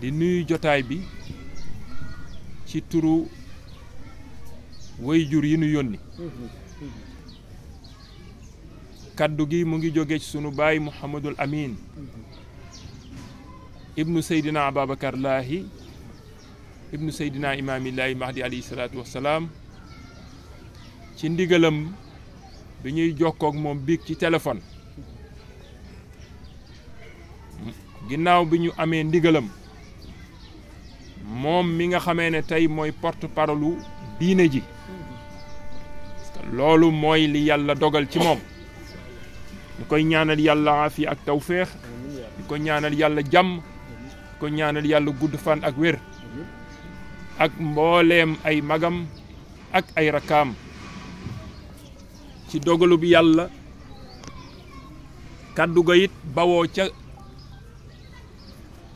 di nuyu jotaay bi ci turu way jur yi nu yónni kaddu gi mu ngi jóge ci sunu baay mouhamadul amin ابن سيدنا أبا بكر الله ابnu seydina imaam illaahi mahdi alayhi salaatu wasalaam ci ndigalam bi ñuy jokkook moom biig ci téléphone ginnaaw bi ñu amee ndigalam moom mi nga xamee ne tey mooy porte parole diine ji parce que loolu mooy li yàlla dogal ci moom ñu koy ñaanal yàlla aafiya ak tawféex ñu ko ñaanal yàlla jàmm ko ñaanal yàlla gudd fan ak wér ak mbooleem ay magam ak ay rakkaam ci dogalu bi yàlla kaddu ga it bawoo ca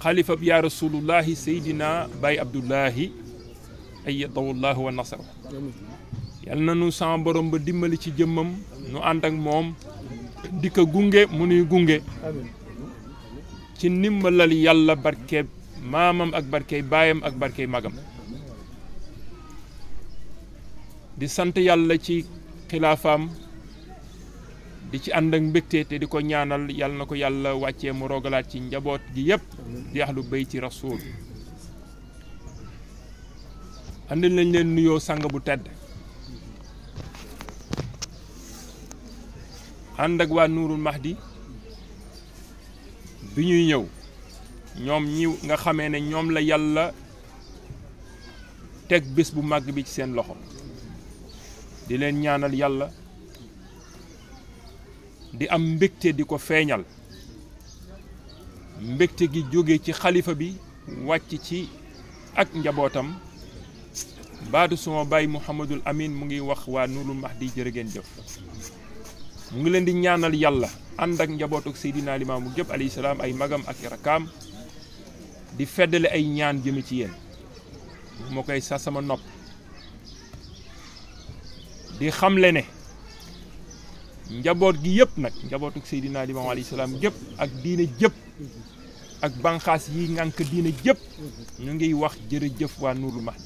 xalifa bi yaa rasulullahi sayidina bay abdullahi ayyadahullahu wa nasara yàlla na nu sama borom ba dimbali ci jëmmam nu ànd ak moom di ko gunge mu gunge ci ndimbalal yàlla barkeeb maamam ak barkeey baayam ak barke magam di sant yàlla ci xilaafaam di ci ànd ak mbégte te di ko ñaanal yàlla na ko yàlla wàcce moroogalaat ci njaboot gi yépp lu ahlu bayti rasuul andil nañ leen nuyoo sang bu tedd ànd ak waa nuurul mahdi bi ñuy ñëw ñoom ñi nga xamee ne ñoom la yàlla teg bés bu màgg bi ci seen loxo di leen ñaanal yàlla di am mbégte di ko feeñal mbégte gi jóge ci xalifa bi wàcc ci ak njabootam baatu suma baay Mouhamadul Amin mu ngi wax waa Nurul Mahdi jërë jëf mu ngi leen di ñaanal yàlla Anda ak sayidina Seydina gep ali alayhi salaam ay magam ak rakam di fedele ay ñaan jëm ci yeen mo koy sa sama nopp di xamle ne njabot gi yëpp nag njabootuk sayidina Limaamu alayhi salam gep ak diine jep ak bankhas yi ngank diine jep ñu ngi wax jef wa Nuurul Mahdi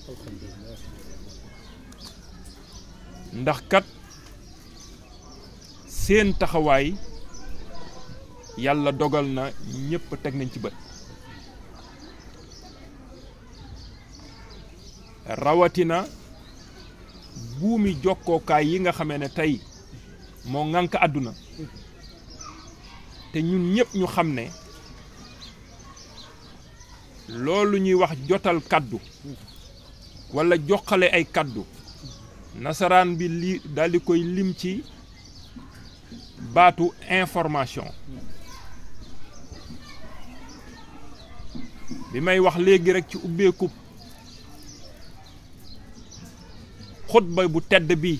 ndax kat seen taxaway yàlla dogal na ñëpp teg nañ ci bët rawatina buumi jokkookaay yi nga xamee ne tey moo ŋànk àdduna te ñun ñëpp ñu xam ne loolu ñuy wax jotal kàddu walla joxale ay kàddu nasaraan bi li daldi koy lim ci baatu information bi may wax léegi rek ci ubbeeku xutba bu tedd bi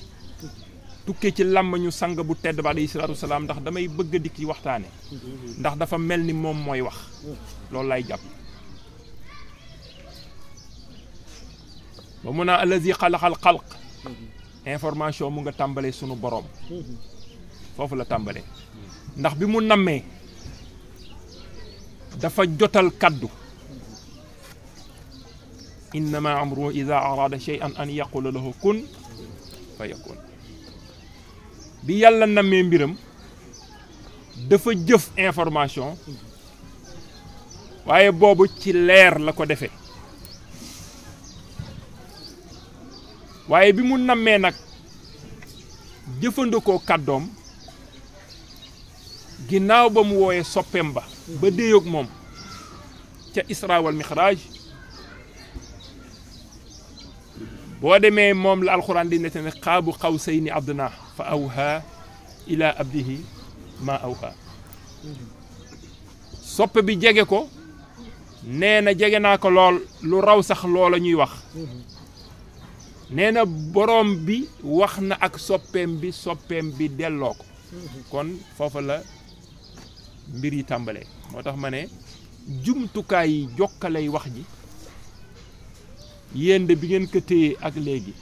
tukkee ci ñu sang bu tedd ba alayhi salaatu ndax damay bëgg a dikk ci waxtaane ndax dafa mel ni moom mooy wax loolu laay jàpp ba mun a allazi xalaxal xalq information mu nga tàmbalee sunu boroom foofu la tàmbalee ndax bi mu nammee dafa jotal kàddu إنما عمره إذا أراد شيئا أن يقول له كن فيكون بي يالا نامي ميرم دافا جيف انفورماسيون وايي بوبو تي لير لاكو ديفه وايي بيمو نامي نك جيفاندوكو كادوم غيناو بام ووي سوبيمبا با ديوك موم تا اسرا والمخراج بو ديمي موم القران دي نتن قاب قوسين عبدنا فاوها الى عبده ما اوها سوب بي جيغي كو نينا جيغي ناكو لول لو راو سخ لولا نيي واخ نينا بروم بي واخنا اك سوبيم بي سوبيم بي ديلوكو كون فوفا لا مبيري تامبالي موتاخ ماني جومتوكاي جوكالاي واخ جي yéen de bi ngeen ko téye ak léegi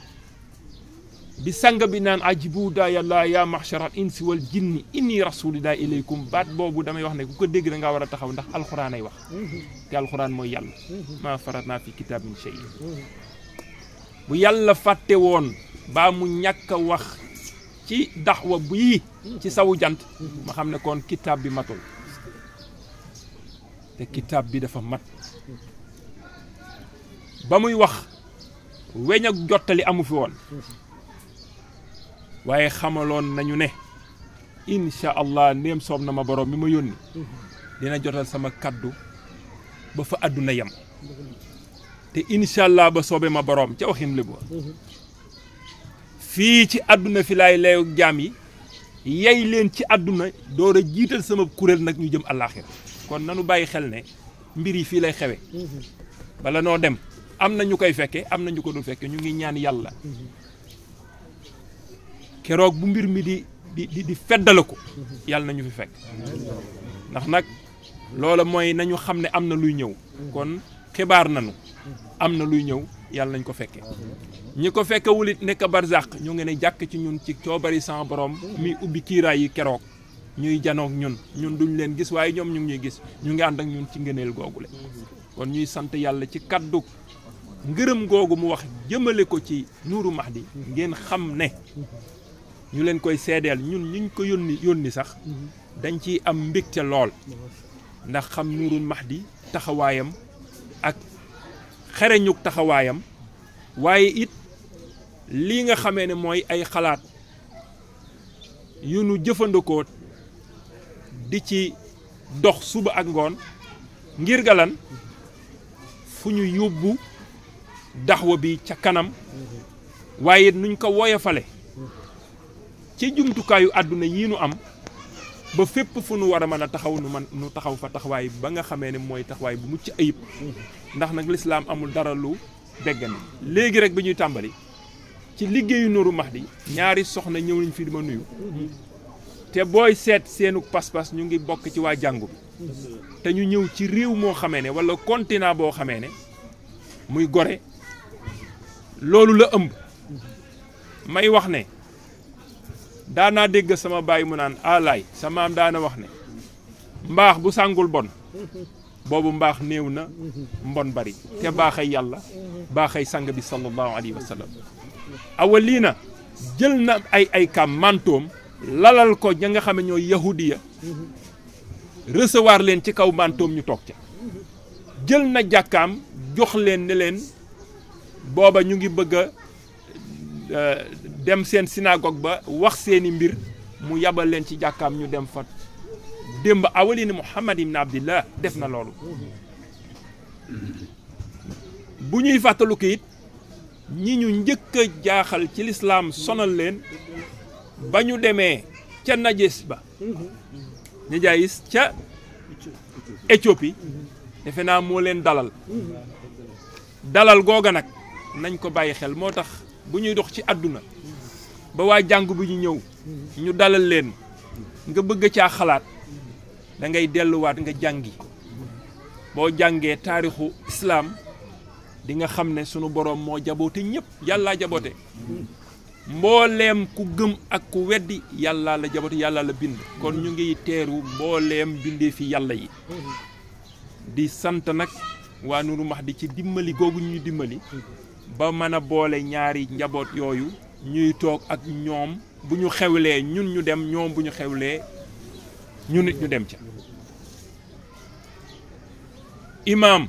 bi sang bi naan ajibu daaya laa yaa maxsharal insi wal jinni inni rasulilaa ilaykum baat boobu damay wax ne ku ko dégg da war a taxaw ndax alxuraan ay wax te alxuraan mooy yàlla maa farat naa fi kitaab min bu yàlla fàtte woon baa mu ñàkk wax ci daxwa bii ci sawu jant ma xam ne kon kitaab bi matul te kitaab bi dafa mat ba muy wax weñ ak jottali amu fi woon waaye xamaloon nañu ne incha allah ndéem soob na ma borom bi ma yónni dina jotal sama kàddu ba fa àdduna yam te incha allah ba soobee ma borom ca waxin li ba fii ci àdduna fi lay layu jaam yi yey leen ci àdduna door a jiital sama kuréel nag ñu jëm àllaaxira kon nanu bàyyi xel ne mbir yi fii lay xewe bala noo dem am na ñu koy fekkee am na ñu ko dul fekke ñu ngi ñaan yàlla keroog bu mbir mi di di di feddale ko yàlla na ñu fi fekk ndax nag loola mooy nañu xam ne am na luy ñëw kon xibaar nañu am na luy ñëw yàlla nañ ko fekke ñi ko fekkewul wulit nekk barzaq ñoo ngi ne jàkk ci ñun ci coobari sans borom mi ubbi kiiraay yi keroog ñuy janoog ñun ñun duñ leen gis waaye ñoom ñu ngi ñuy gis ñu ngi ànd ak ñun ci ngëneel googule kon ñuy sant yàlla ci kaddu ngërëm googu mu wax jëmale ko ci Nuuru Mahdi ngeen xam ne ñu leen koy seedeel ñun ñu ko yónni yónni sax dañ ci am mbégte lool ndax xam Nuuru Mahdi taxawaayam ak xereñuk taxawaayam waaye it lii nga xamee ne mooy ay xalaat yu nu jëfandikoo di ci dox suba ak ngoon ngir galan fu ñu yóbbu daxwa bi ca kanam waaye nuñ ko woyofale ci jumtukaayu àdduna yi nu am ba fépp fu nu war a mën a taxaw nu man nu taxaw fa taxawaay ba nga xamee ne mooy taxawaay bu mucc ayib ndax nag lislaam amul dara lu beggan léegi rek bi ñuy tàmbali ci liggéeyu max di ñaari soxna ñëw nañ fi di ma nuyu te booy seet seenu pas-pas ñu ngi bokk ci waa jàngu bi te ñu ñëw ci réew moo xamee ne walla continent boo xamee ne muy gore loolu la ëmb may wax ne daanaa dégg sama baay mu naan alaay ah, sa maam daana wax ne mbaax bu sàngul bon boobu mbaax néew na mbon bari te baaxay yàlla baaxay sang bi sallallahu alayhi wa lii na jël na ay ay kam mantoom lalal ko ña nga xam ne ñooy yahudiya recevoir leen ci kaw mantoom ñu toog ca jël na jàkkaam jox leen ne leen booba ñu ngi bëgg euh, dem seen synagogue ba wax seeni mbir mu yabal leen ci jàkkaam ñu dem fa démb awalin muhammad ibn abdillah def na loolu bu ñuy fàttaliku it ñi ñu njëkk a jaaxal ci lislaam sonal leen ba ñu demee ca najis ba nijaayis ca éthiopie defe naa moo leen dalal dalal googa nag nañ ko bàyyi xel moo tax bu ñuy dox ci àdduna ba waa jàngu bi ñu ñëw ñu dalal leen nga bëgg caa xalaat da ngay delluwaat nga jàngi boo jàngee taarixu islaam di nga xam ne sunu boroom moo jaboote ñëpp yàllaa jaboote mbooleem ku gëm ak ku weddi yàllaa la jaboote yàllaa la bind kon ñu ngi teeru mbooleem bindee fi yàlla yi di sant nag waa Nuuru di ci dimbali googu ñuy dimbali ba mën a boole ñaari njaboot yooyu ñuy toog ak ñoom bu ñu xewlee ñun ñu dem ñoom bu ñu xewlee ñu ñu dem ca imaam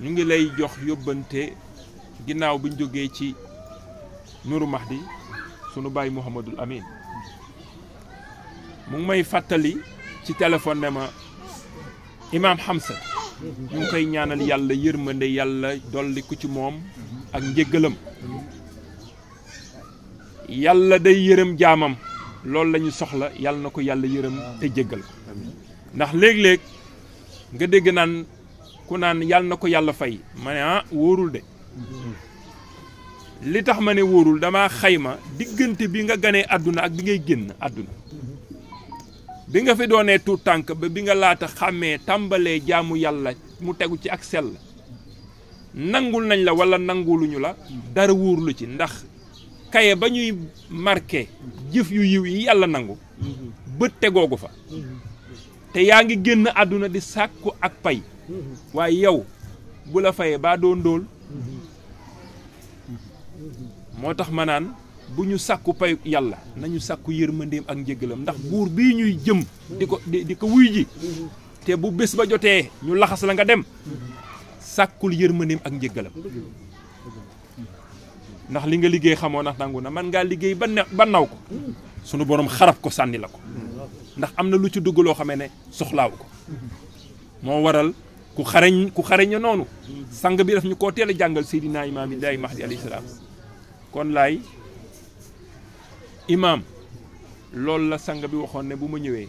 ñu ngi lay jox yóbbante ginnaaw bi ñu jógee ci Nuru Mahdi sunu baay Mouhamadul Amin mu may fàttali ci téléphone ne ma imaam Hamza ñu ngi koy ñaanal yàlla yërmande yàlla dolli ku ci moom ak njéggalam yàlla day yërëm jaamam loolu lañu soxla yàlla na ko yàlla yërëm te jéggal ndax léeg-léeg nga dégg naan ku naan yàlla na ko yàlla fay ma ne ah wóorul de li tax ma ne wóorul damaa xayma diggante bi nga ganee àdduna ak bi ngay génn àdduna bi nga fi doonee tuut tànk ba bi nga laata xàmmee tàmbalee jaamu yàlla mu tegu ci ak sell nangul nañ la wala nanguluñu la dara wóorlu ci ndax kaye ba ñuy marke jëf yu yiw yi yàlla nangu bët tegoogu fa te yaa ngi génn àdduna di sàkku ak pay waaye yow bu la fayee baa doon dóol moo tax ma naan buñu sakku payu yalla nañu sakku yermandem ak njëgalam ndax buur bi ñuy jëm diko diko wuy ji té bu bes ba joté ñu laxas la nga dem sakul yermandem ak njëgalam ndax li nga liggéey xamoo ndax man nga liggéey ba ba naw ko sunu borom xarab ko sanni la ko ndax amna lu ci dugg lo xamé né soxlaaw ko mo waral ku xareñ ku xareñ nonu. sang bi daf ñu ko teel jangal sayidina imam ibrahim mahdi alayhi salam kon lay imaam loolu la sang bi waxoon ne bu ma ñëwee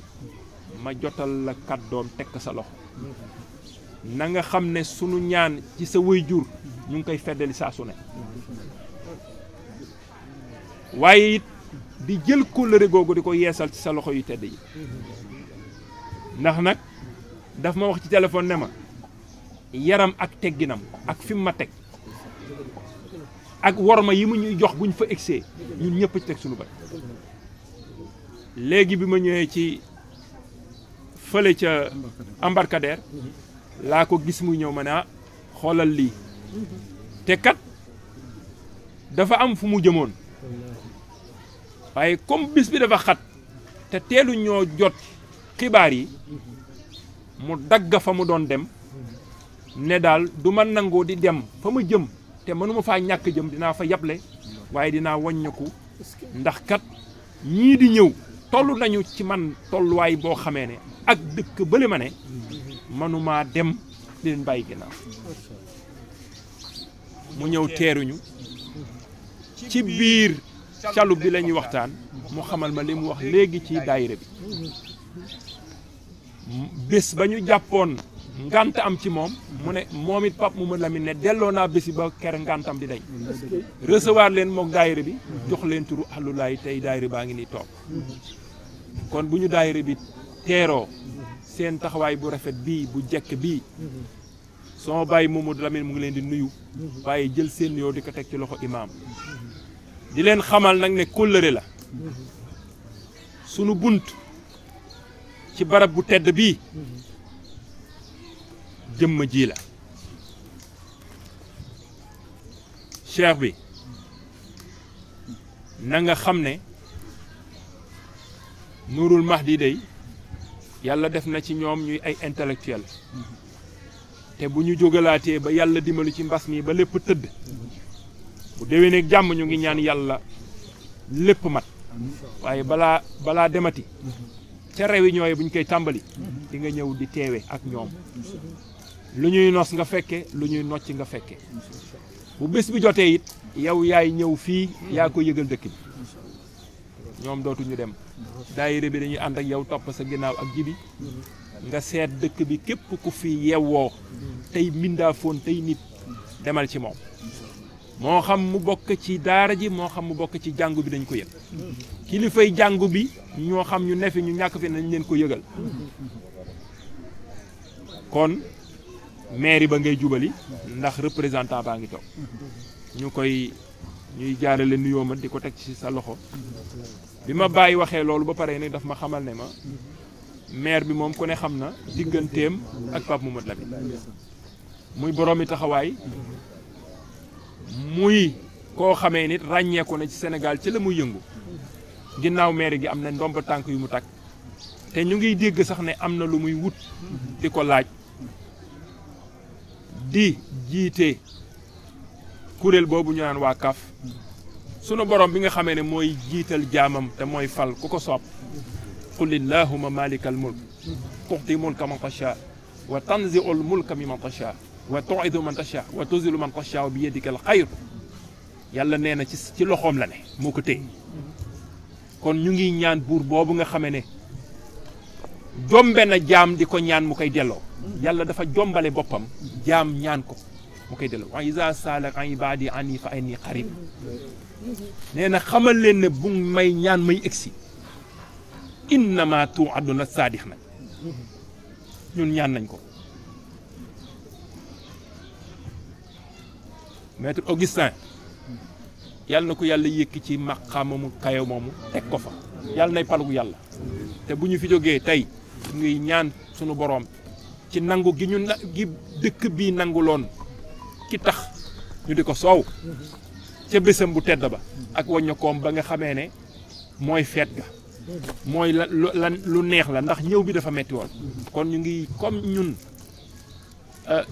ma jotal la kàddoom teg sa loxo na nga xam ne sunu ñaan ci sa jur ñu ngi koy feddali saa su ne waaye it di jël kóllëre googu di ko yeesal ci sa loxo yu tedd yi ndax nag daf ma wax ci téléphone ne ma yaram ak tegginam ak fi mu ma teg ak worma yi mu ñuy jox buñ fa egsee ñun ñëpp ci teg suñu bët léegi bi ma ñëwee ci fële ca embarcadère laa ko gis mu ñëw ma ne ah, xoolal lii te kat dafa am fu mu jëmoon waaye comme bis bi dafa xat te teelu ñoo jot xibaar yi mu dagg fa mu doon dem ne daal du ma nangoo di dem fa ma jëm te mënuma faa ñàkk jëm dinaa fa yable waaye dinaa waññiku ndax kat ñii di ñëw tollu nañu ci man tolluwaay boo xamee ne ak dëkk bali ma ne mënumaa dem di leen bàyyi ginnaaw mu ñëw teeruñu ci biir calu bi la ñuy waxtaan mu xamal ma li mu wax léegi ci daayira bi bés ba ñu jàppoon ngant am ci moom mu ne moom it mu Mamadou Lamine ne delloo naa bési ba ker ngantam di dañ recevoir leen mook daayira bi jox leen turu ahlulaay tey daayira baa ngi ni toog kon bu ñu daayira bi teeroo seen taxawaay bu rafet bii bu jekk bii sama bàyyi Mamadou Lamine mu ngi leen di nuyu waaye jël seen yow di ko teg ci loxo imaam di leen xamal nag ne kóllëre la sunu bunt ci barab bu tedd bii jëmm ji la cheikh bi nanga xam ne Nuurul Mahdi day yàlla def na ci ñoom ñuy ay intellectuel te bu ñu jógalaatee ba yàlla dimbalu ci mbas mi ba lépp tëdd bu déwénee ak jàmm ñu ngi ñaan yàlla lépp mat waaye balaa balaa demati ca réunion ñooy bu ñu koy tàmbali di nga ñëw di teewe ak ñoom lu ñuy nos nga fekke lu ñuy nocc nga fekke bu bés bi jotee it yow yaay ñëw fii yaa ko yëgal dëkk bi ñoom dootuñu dem daayira bi dañuy ànd ak yow topp sa ginnaaw ak jibi nga seet dëkk bi képp ku fi yewwoo tey mbindaafoon tey nit demal ci moom moo xam mu bokk ci daara ji moo xam mu bokk ci jàngu bi dañ ko yëg kilifay jàngu bi ñoo xam ñu nefi ñu ñàkk fi nañ leen ko yëgal mairie ba ngay jubali ndax représentant baa ngi toog ñu koy ñuy jaarale nuyoo ma di ko teg ci sa loxo bi ma bàyyi waxee loolu ba pare nag dafa ma xamal ne ma maire bi moom ku ne xam na digganteem ak Pape Momadou Lamine muy boroomi taxawaay muy koo xamee nit ràññeeku na ci Sénégal ci la muy yëngu ginnaaw maire gi am na ndomba tànk yu mu takk te ñu ngi dégg sax ne am na lu muy wut di ko laaj. di jité kurel bobu ñu naan wa kaf sunu borom bi nga xamé ne moy jital jamam te moy fal kuko sop qul illahuma malika mulk tuxti mulka man tasha wa tanziu al mulka mimman tasha wa tuidu man tasha wa tuzilu man tasha bi yadika al khair yàlla néna ci ci loxom la ne moko té kon ñu ngi ñaan bur bobu nga xamé ne dombe na jam diko ñaan mu koy delo yàlla dafa jombale bopam jam ñaan ko mu koy delu wa iza sala an ibadi ani fa ayni qarib neena xamal leen ne bu may ñaan may exi innama tu àdduna saadix nag ñun ñaan nañ ko maître Augustin yàlla nako yàlla yëkki ci maqaama mu kayo momu tek ko fa yàlla nay palugu yàlla te buñu fi joge tay ñuy ñaan sunu borom ci nangu gi la gi dëkk bi lon ki tax ñu diko soow ci bëssam bu tedd ba ak koom ba nga xamé né moy fét ga moy la lu neex la ndax ñew bi dafa metti woon kon ñu ngi comme ñun euh,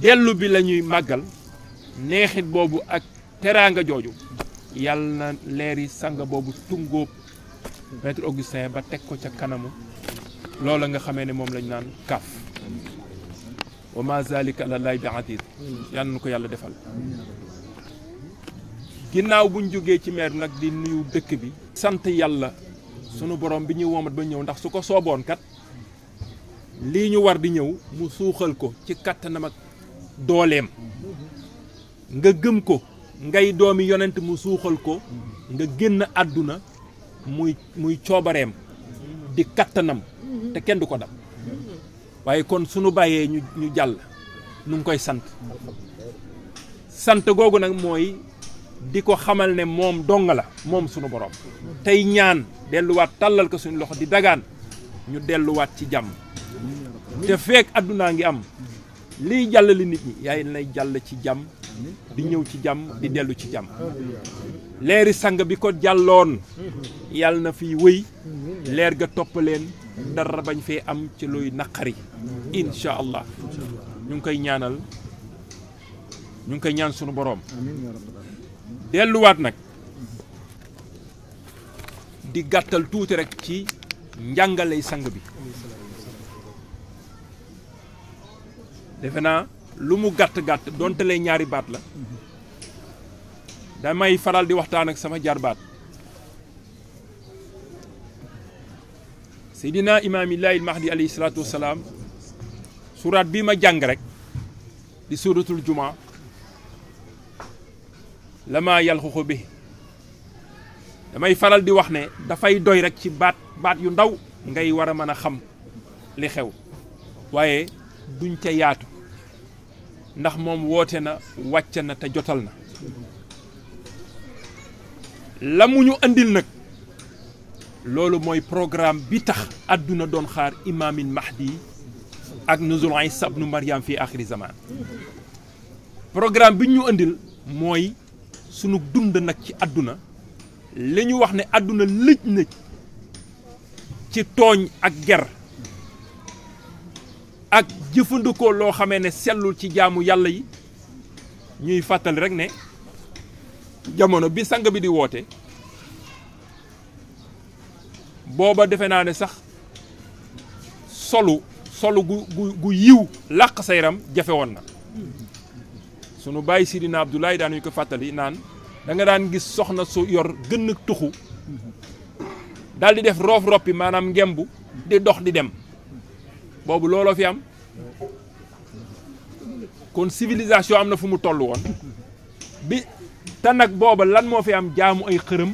dellu bi la magal neexit bobu ak teranga joju yalna leri sanga bobu tungo maître augustin ba tek ko ca kanamu loola nga xamee ne moom lañ naan kaf wa ma bi aziz yàlla na ko yàlla defal ginnaaw buñ jógee ci meer nag di nuyu dëkk bi sant yàlla sunu borom bi ñuy womat ba ñëw ndax su ko sooboon kat lii ñu war di ñëw mu suuxal ko ci kattanam ak dooleem nga gëm ko ngay doomi yonent mu suuxal ko nga génn àdduna muy muy coobareem di kattanam te kenn du ko dab waye kon suñu baye ñu ñu jall ñu koy sant sant gogu nak moy di ko xamal ne mom dong la moom borom tay ñaan wat talal ko suñu loxo di dagan ñu wat ci te fek aduna ngi am li jàllali nit ñi yaay lay jall ci jàmm di ñew ci jàmm di delu ci jàmm leeri sang bi ko na fiy leer ga dara bañ fee am ci luy naqari incha allah ñu ngi koy ñaanal ñu ngi koy ñaan sunu boroom delluwaat nag di gàttal tuuti rek ci njàngaley sang bi defe naa lu mu gàtt-gàtt donte lay ñaari baat la damay faral di waxtaan ak sama jarbaat seydina imaam illaahi mahdi alayhi salaatu wasalaam suraat bii ma jàng rek di suuratul jumaa la ma yalxuxu bi damay faral di wax ne dafay doy rek ci baat baat yu ndaw ngay war a mën a xam li xew waaye duñ ca yaatu ndax moom woote na wàcc na te jotal na la mu ñu andil nag loolu mooy programme bi tax àdduna doon xaar imaamin mahdi ak nuzul Isa ibnu Maryam fii axiri zaman programme bi ñu andil mooy sunu dund nag ci àdduna li ñu wax ne àdduna lëj na ci tooñ ak ger ak jëfandikoo loo xamee ne sellul ci jaamu yàlla yi ñuy fàttali rek ne jamono bi sang bi di woote booba defe naa ne sax solu solu gu gu gu yiw làq sa yaram jafe woon na sunu bàyyi Sidina Abdoulaye daanuñu ko fàttali naan da nga daan gis soxna su yor gën a tuxu daal di def roof roppi maanaam ngemb di dox di dem boobu looloo fi am kon civilisation am na fu mu toll woon bi te nag booba lan moo fi am jaamu ay xërëm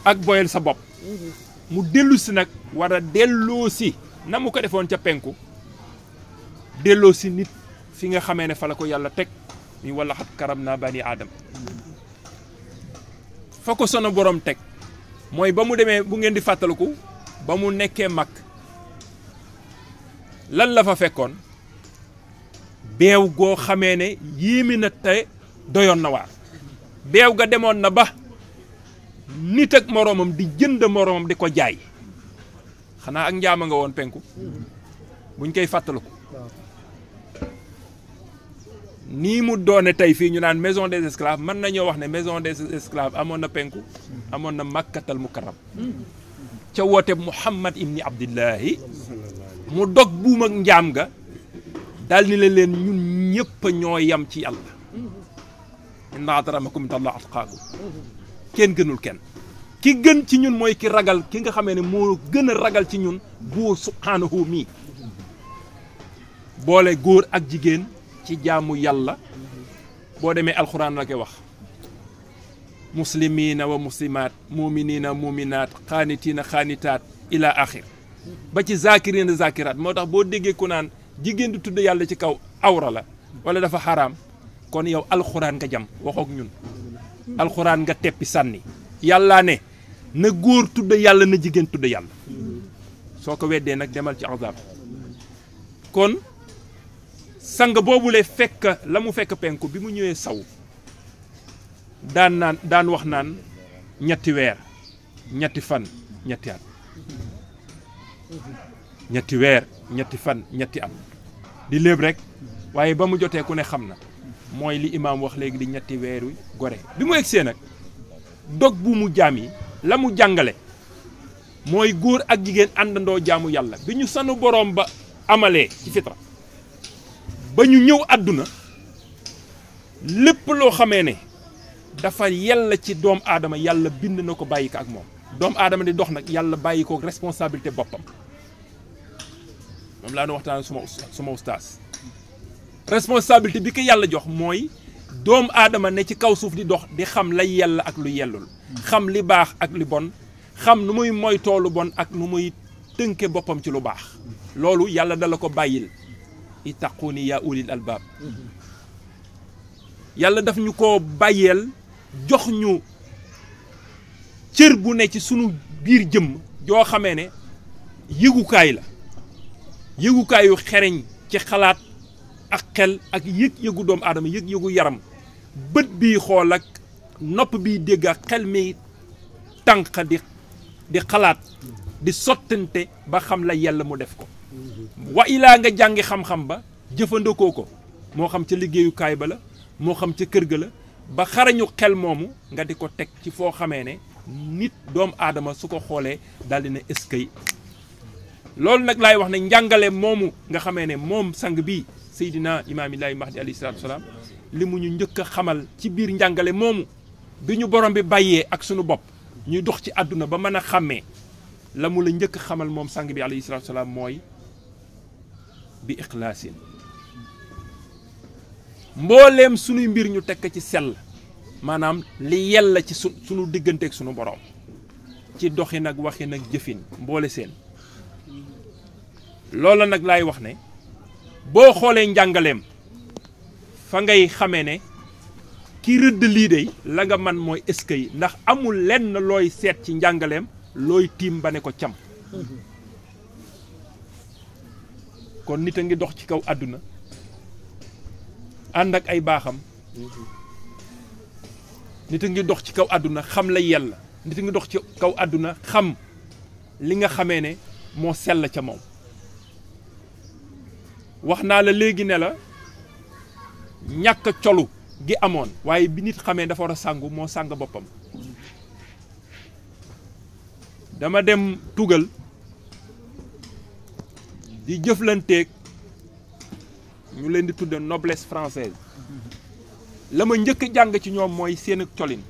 ak boyal sa bopp mhm. mu dellu si nag war a delloo si na mu ko defoon ca penku delloo si nit fi nga xamee ne fa la ko yàlla teg mi wala xat karam naa bani aadama fa ko sono borom teg mooy ba mu demee bu ngeen di fàttaliku ba mu nekkee mag lan la fa fekkoon beew goo xamee ne yéemi na te doyoon na waar beew ga demoon na ba nit ak moroomam di jënd moroomam di ko jaay xanaa ak njaama nga woon penku buñ koy fàttaliku nii mu doone tey fii ñu naan maison des esclaves mën nañoo wax ne maison des esclaves amoon na penku amoon na makkatal mukarram ca woote Muhammad ibni Abdillahi mu dog buum ak njaam ga daal ni la leen ñun ñëpp ñoo yam ci yàlla inna akramakum inda kenn gënul kenn ki gën ci ñun mooy ki ragal ki nga xame ne moo gën a ragal ci ñun buur subhaanahu mii boole góor ak jigéen ci jaamu yàlla boo demee alxuraan la koy wax muslimiina wa muslimaat muuminiina muuminaat xaanitiina xaanitaat ila axir ba ci zaakiriina zaakiraat moo tax boo déggee ku naan jigéen di tudd yàlla ci kaw awra la wala dafa xaraam kon yow alxuraan nga jam waxook ñun alquran nga teppi sanni yalla ne na goor tudde yalla na jigen tudde yalla soko wedde nak demal ci azab kon sang boobu fek fekk la penku bi mu ñewé saw dan nan dan wax nan ñetti weer ñetti fan ñetti at ñetti wer ñetti fan ñetti at di leb rek waye ba mu joté ku ne xamna mooy li imaam wax léegi di ñetti weeru gore bi mu egsee nag dog bu mu jaam yi la mu jàngale mooy góor ak jigéen àndandoo jaamu yàlla bi ñu sanu boroom ba amalee ci fitra ba ñu ñëw àdduna lépp loo xamee ne dafa yàlla ci doom aadama yàlla bind na ko bàyyi ko ak moom doom aadama di dox nag yàlla bàyyi ko responsabilité boppam moom laa doon waxtaan suma suma ustaas responsabilité bi ko yàlla jox mooy doomu aadama ne ci kaw suuf di dox di xam la yàlla ak lu yellul xam li baax ak li bon xam nu muy moytoo lu bon ak nu muy tënke boppam ci lu baax loolu yàlla dala ko bàyyil ittaquuni yaa ulil albaab yàlla daf ñu ko bàyyeel jox ñu cër bu ne ci sunu biir jëmm joo xamee ne yëgukaay la yëgukaayu xereñ ci xalaat ak xel ak yëg-yëgu doom aadama yëg-yëgu yaram bët bii xool ak nopp bii dégg ak xel mi tànq di xalaat di sottante ba xam la yàlla mu def ko wa nga jàngi xam-xam ba jëfandikoo ko moo xam ca liggéeyukaay ba la moo xam ca kër ga la ba xareñu xel moomu nga di ko teg ci foo xamee ne nit doomu aadama su ko xoolee daal di ne eskay loolu nag lay wax ne njàngale moomu nga xamee ne moom sang bii imam imaamilaahi mahdi alayhi salatu salaam limu ñu ñëk xamal ci biir njangalé moomu bi borom bi bayé ak suñu bop ñu dox ci aduna ba mëna xamé lamu la ñëk xamal mom sang bi alayhi salatu salaam moy bi ikhlasin mbollem suñu mbir ñu tek ci sel manam li ci suñu sunu ak sunu borom ci doxin ak waxin ak jëfin mbolé sen loola nak lay wax ne boo xoolee njàngaleem fa ngay xamee ne ki rëdd lii de la nga man mooy ëska yi ndax amul lenn looy seet ci njàngaleem looy tiim ba ne ko cam kon nit a ngi dox ci kaw àdduna ànd ak ay baaxam nit a ngi dox ci kaw àdduna xam la yàlla nit a ngi dox ci kaw àdduna xam li nga xamee ne moo sell ca moom wax naa la léegi ne la ñàkk colu gi amoon waaye bi nit xamee dafa war a sàngu moo sàng boppam dama dem tugal di jëflanteeg ñu leen di tudd nobles française la ma njëkk jàng ci ñoom mooy seen ak colin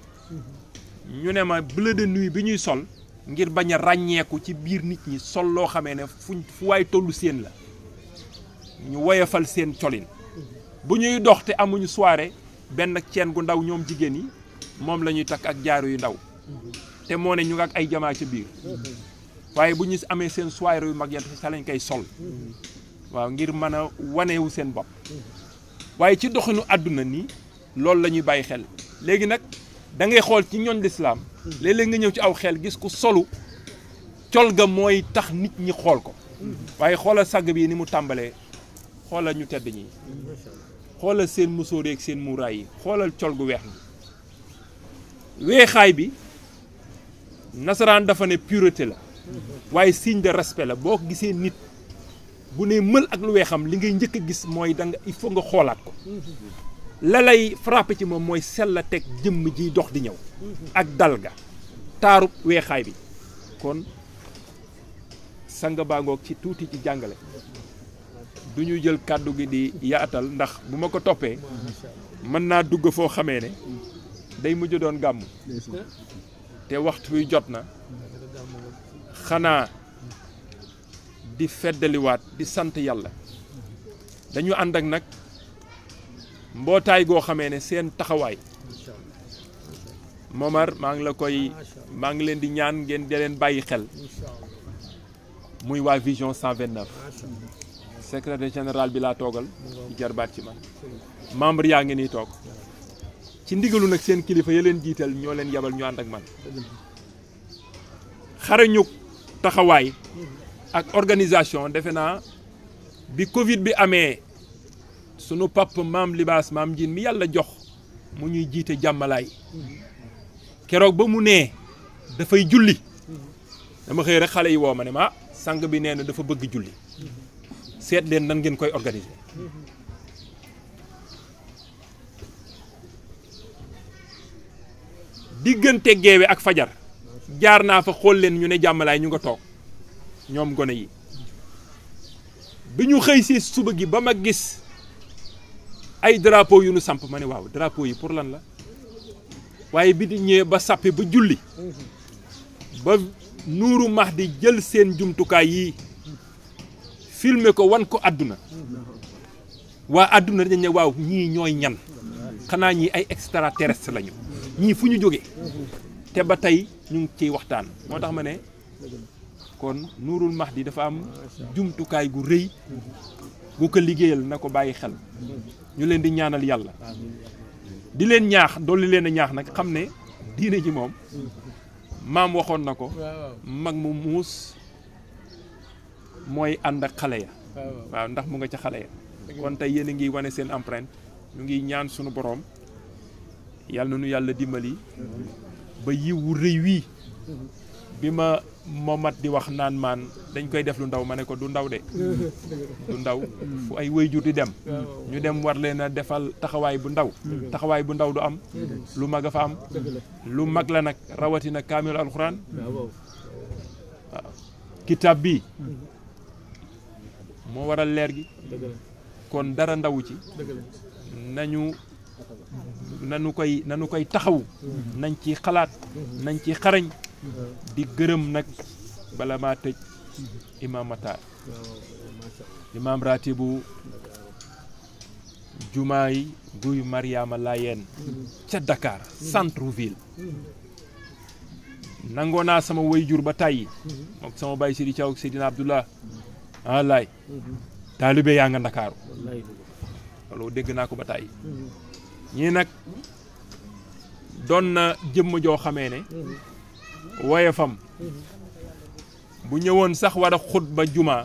ñu ne ma bleu de nuit bi ñuy sol ngir bañ a ràññeeku ci biir nit ñi sol loo xamee ne fu waay tollu seen la ñu woyofal seen colin bu ñuy dox te amuñu soirée benn ceen gu ndaw ñoom jigéen yi moom lañuy takk ak jaaru yu ndaw te moo ne ñu nga ak ay jamaa ca biir waaye bu ñu amee seen soirée yu mag yant sa lañ koy sol waaw ngir mën a wanewu seen bopp waaye ci doxinu àdduna ni loolu lañuy bàyyi xel léegi nag da ngay xool ci ñooñ lislaam léeg-léeg nga ñëw ci aw xel gis ku solu col ga mooy tax nit ñi xool ko waaye xoolal sàgg bii ni mu tàmbalee xoolal ñu tedd ñi xoolal seen musóor seen muuraay yi xoolal col gu weex gi weexaay bi nasaraan dafa ne pureté la mm-hmm. waaye signe de respect la boo gisee nit bu ne mël ak lu weexam li ngay njëkk a gis mooy da nga nga xoolaat ko mm-hmm. la lay frappé ci moom mooy sell la teg jëmm jiy dox di ñëw mm-hmm. ak dal ga taarub weexaay bi kon sanga baangoog ci tuuti ci jàngale duñu jël kaddu gi di yaatal ndax bu ma ko toppee man na dugg fo xamé né day mujj doon gam té waxtu yu jotna xana di di wat di sant yalla dañu nak ak nak mbotay go xamé né sen taxaway Momar ma ngi la koy ma ngi len di ñaan ngeen di len bayyi xel muy wa vision 129 secrétaire général bi laa toogal jarbaat ci man membre ya ngi ni toog ci ndigalu nak sen kilifa ya leen jiital yabal ñu and ak man xarañu taxaway ak organisation defena bi covid bi amé sunu pap mam libas mam njiin mi yalla jox mu ñuy jiite jamalay kérok ba mu da fay julli dama xey rek xalé yi wo ma ma sang bi néna dafa bëgg julli seet leen nan ngeen koy organiser diggante geewé ak fajar jaar naa fa xool leen ñu ne jàmmalaay ñu nga toog ñoom gone yi bi ñu xëy si suba gi ba ma gis ay drapeau yu nu samp ma ne waaw drapeau yi pour lan la waaye bi di ñëwee ba sàppi ba julli ba nuuru max di jël seen jumtukaay yi filmer ko wan ko àdduna waa àdduna dañ ne waaw ñii ñooy ñan xanaa ñii ay extraterrestre lañu ñii fu ñu jógee te ba tey ñu ngi ciy waxtaan moo tax ma ne kon Nuurul max Mahdi dafa am jumtukaay gu rëy gu ko liggéeyal na ko bàyyi xel ñu leen di ñaanal yàlla di leen ñaax dolli leen ñaax nag xam ne diine ji moom maam waxoon na ko mag mu muus moy and ak xalé ya waaw ndax mu nga ci xalé ya kon tay yene ngi wone sen empreinte ñu ngi ñaan suñu borom yalla na nu yàlla dimbali ba yi wu reuy wi bima momat di wax naan man dañ koy def lu ndaw mané ko du ndaw de du ndaw fu ay wayjur di dem ñu dem war leena defal taxaway bu ndaw taxaway bu ndaw du am lu mag fa am lu mag la nak rawati na kamil alquran kitab bi mo waral leer gi kon dara ndaw ci nañu nañu koy nañu koy taxaw nañ ci xalaat nañ ci xarañ di gërëm nak bala ma tej imam mata imam ratibu jumaay guy mariama layen ca dakar centre ville nangona sama wayjur ba tay mook sama bàyyi sidi chaw sidina abdullah wallaay taalibe yaa nga ndakaaru loolu dégg naa ko ba tàyyi ñii nag doon na jëmm joo xamee ne waye fam bu ñëwoon sax war a ba jumaa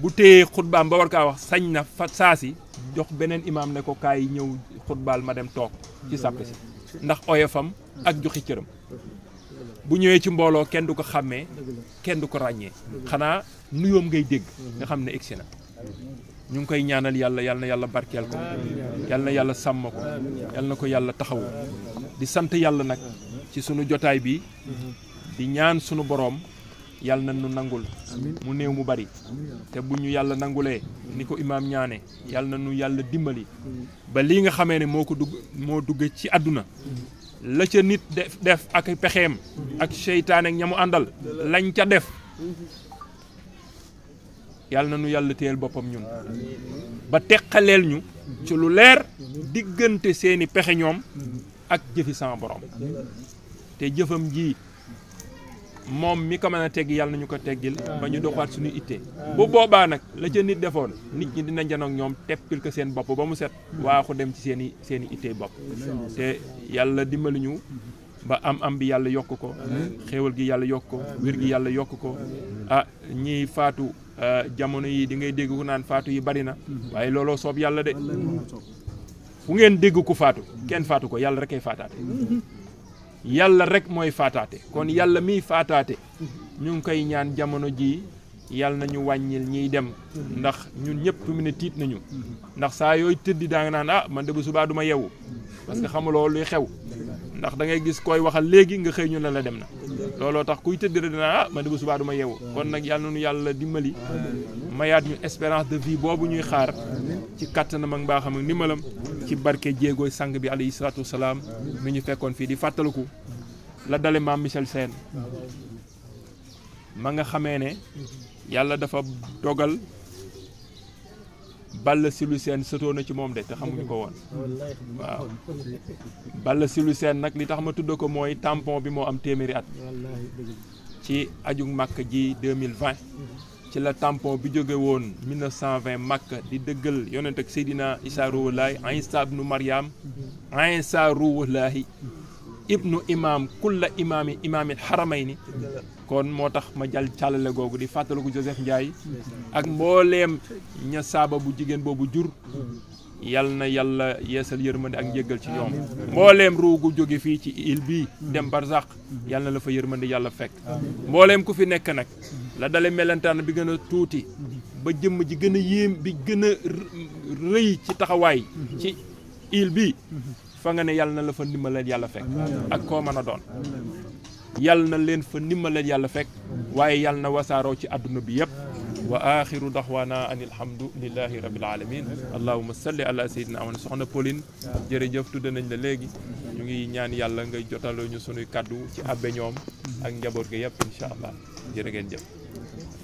bu téyee xutbaam ba war kaa wax sañ na fa saasi jox beneen imaam ne ko kaay ñëw xutbaal ma dem toog ci sàpp si ndax oyo fam ak joxi cëram bu ñëwee ci mbooloo kenn du ko xàmmee kenn du ko ràññee xanaa nuyoom ngay dégg nga xam ne egsi na ñu ngi koy ñaanal yàlla yàlla na yàlla barkeel ko yàlla yàlla sàmm ko yàlla na ko yàlla taxawu di sant yàlla nag ci sunu jotaay bi di ñaan sunu borom yàlla na nu nangul mu néew mu bari te bu ñu yàlla nangulee ni ko imaam ñaane yàlla na nu yàlla dimbali ba lii nga xamee ne moo ko dugg moo dugg ci àdduna la ca nit def ak pexem ak seytaane ak ñamu àndal lañ ca def yàlla na nu yàlla téyel boppam ñun ba teqaleel ñu ci lu leer diggante seeni pexe ñoom ak jëfi sama borom te jëfam ji moom mi ko mën a tegg yàlla nañu ko teggil ba ñu doxaat suñu ittee bu boobaa nag la ca nit defoon nit ñi dina janoog ñoom teppil ko seen bopp ba mu set waaxu dem ci seen i seen i ittee bopp te yàlla dimbali ñu ba am am bi yàlla yokk ko xéewal gi yàlla yokk ko wér gi yàlla yokk ko ah ñiy faatu ah, jamono yi di ngay dégg ku naan faatu yi bari na waaye looloo soob yàlla de fu ngeen dégg ku faatu kenn faatu ko yàlla rekk ay faataate yàlla rek mooy faataate kon yàlla miy faataate ñu ngi koy ñaan jamono jii yàlla na ñu wàññil ñiy dem ndax ñun ñëpp fi mu tiit nañu ndax saa yooy tëddi daa nga naan ah, man de bu subaa du ma yeewu parce que xamuloo luy xew ndax da ngay gis kooy waxal léegi nga xëy ñu ne la dem na looloo tax kuy tëdd rek dinaa ah man de bu subaa du ma yeewu kon nag yàlla nañu yàlla dimbali mayaat ñu espérance de vie boobu ñuy xaar ci kattanam ak mbaaxam ak ndimbalam ci barke jéegooy sang bi alayhi salaatu wasalaam mi ñu fekkoon fii di fàttaliku la dale maam Michel Sène ma nga xamee ne yàlla dafa dogal Balla silu Sène sëtoo na ci moom de te xamuñu ko woon waaw Balla Silou Sène nag li tax ma tudd ko mooy tampon bi moo am téeméeri at ci aju màkk ji 2020 ci la tampon bi jóge woon vin Makka di dëggal yonent ak Seydina Isa Ruwulaahi Isa ibnu Maryam Isa Ruwulaahi ibnu imaam kulla imaami imaamil xaramayni kon moo tax ma jàll càllale googu di fàttaliku Joseph Ndiaye ak mbooleem ña saaba bu jigéen boobu jur yal na yàlla yeesal yërmande ak njéggal ci ñoom mbooleem ruu gu jóge fii ci île bi dem barzaq yal na la fa yërmande yàlla fekk mbooleem ku fi nekk nag la dale melentaan bi gën a tuuti ba jëmm ji gën a yéem bi gën a rëy ci taxawaay ci île bi fa nga ne yàlla na la fa ndimbalal yàlla fekk ak koo mën a doon yàlla na leen fa ndimbalal yàlla fekk waaye yàlla na wasaaroo ci àdduna bi yëpp واخر دعوانا ان الحمد لله رب العالمين اللهم صل على سيدنا محمد سخنا بولين جيري جيف تود نان لا لغي نيغي نيان يالا غاي جوتالو ني سوني كادو سي ابي نيوم اك نجابور ان شاء الله جيري جيف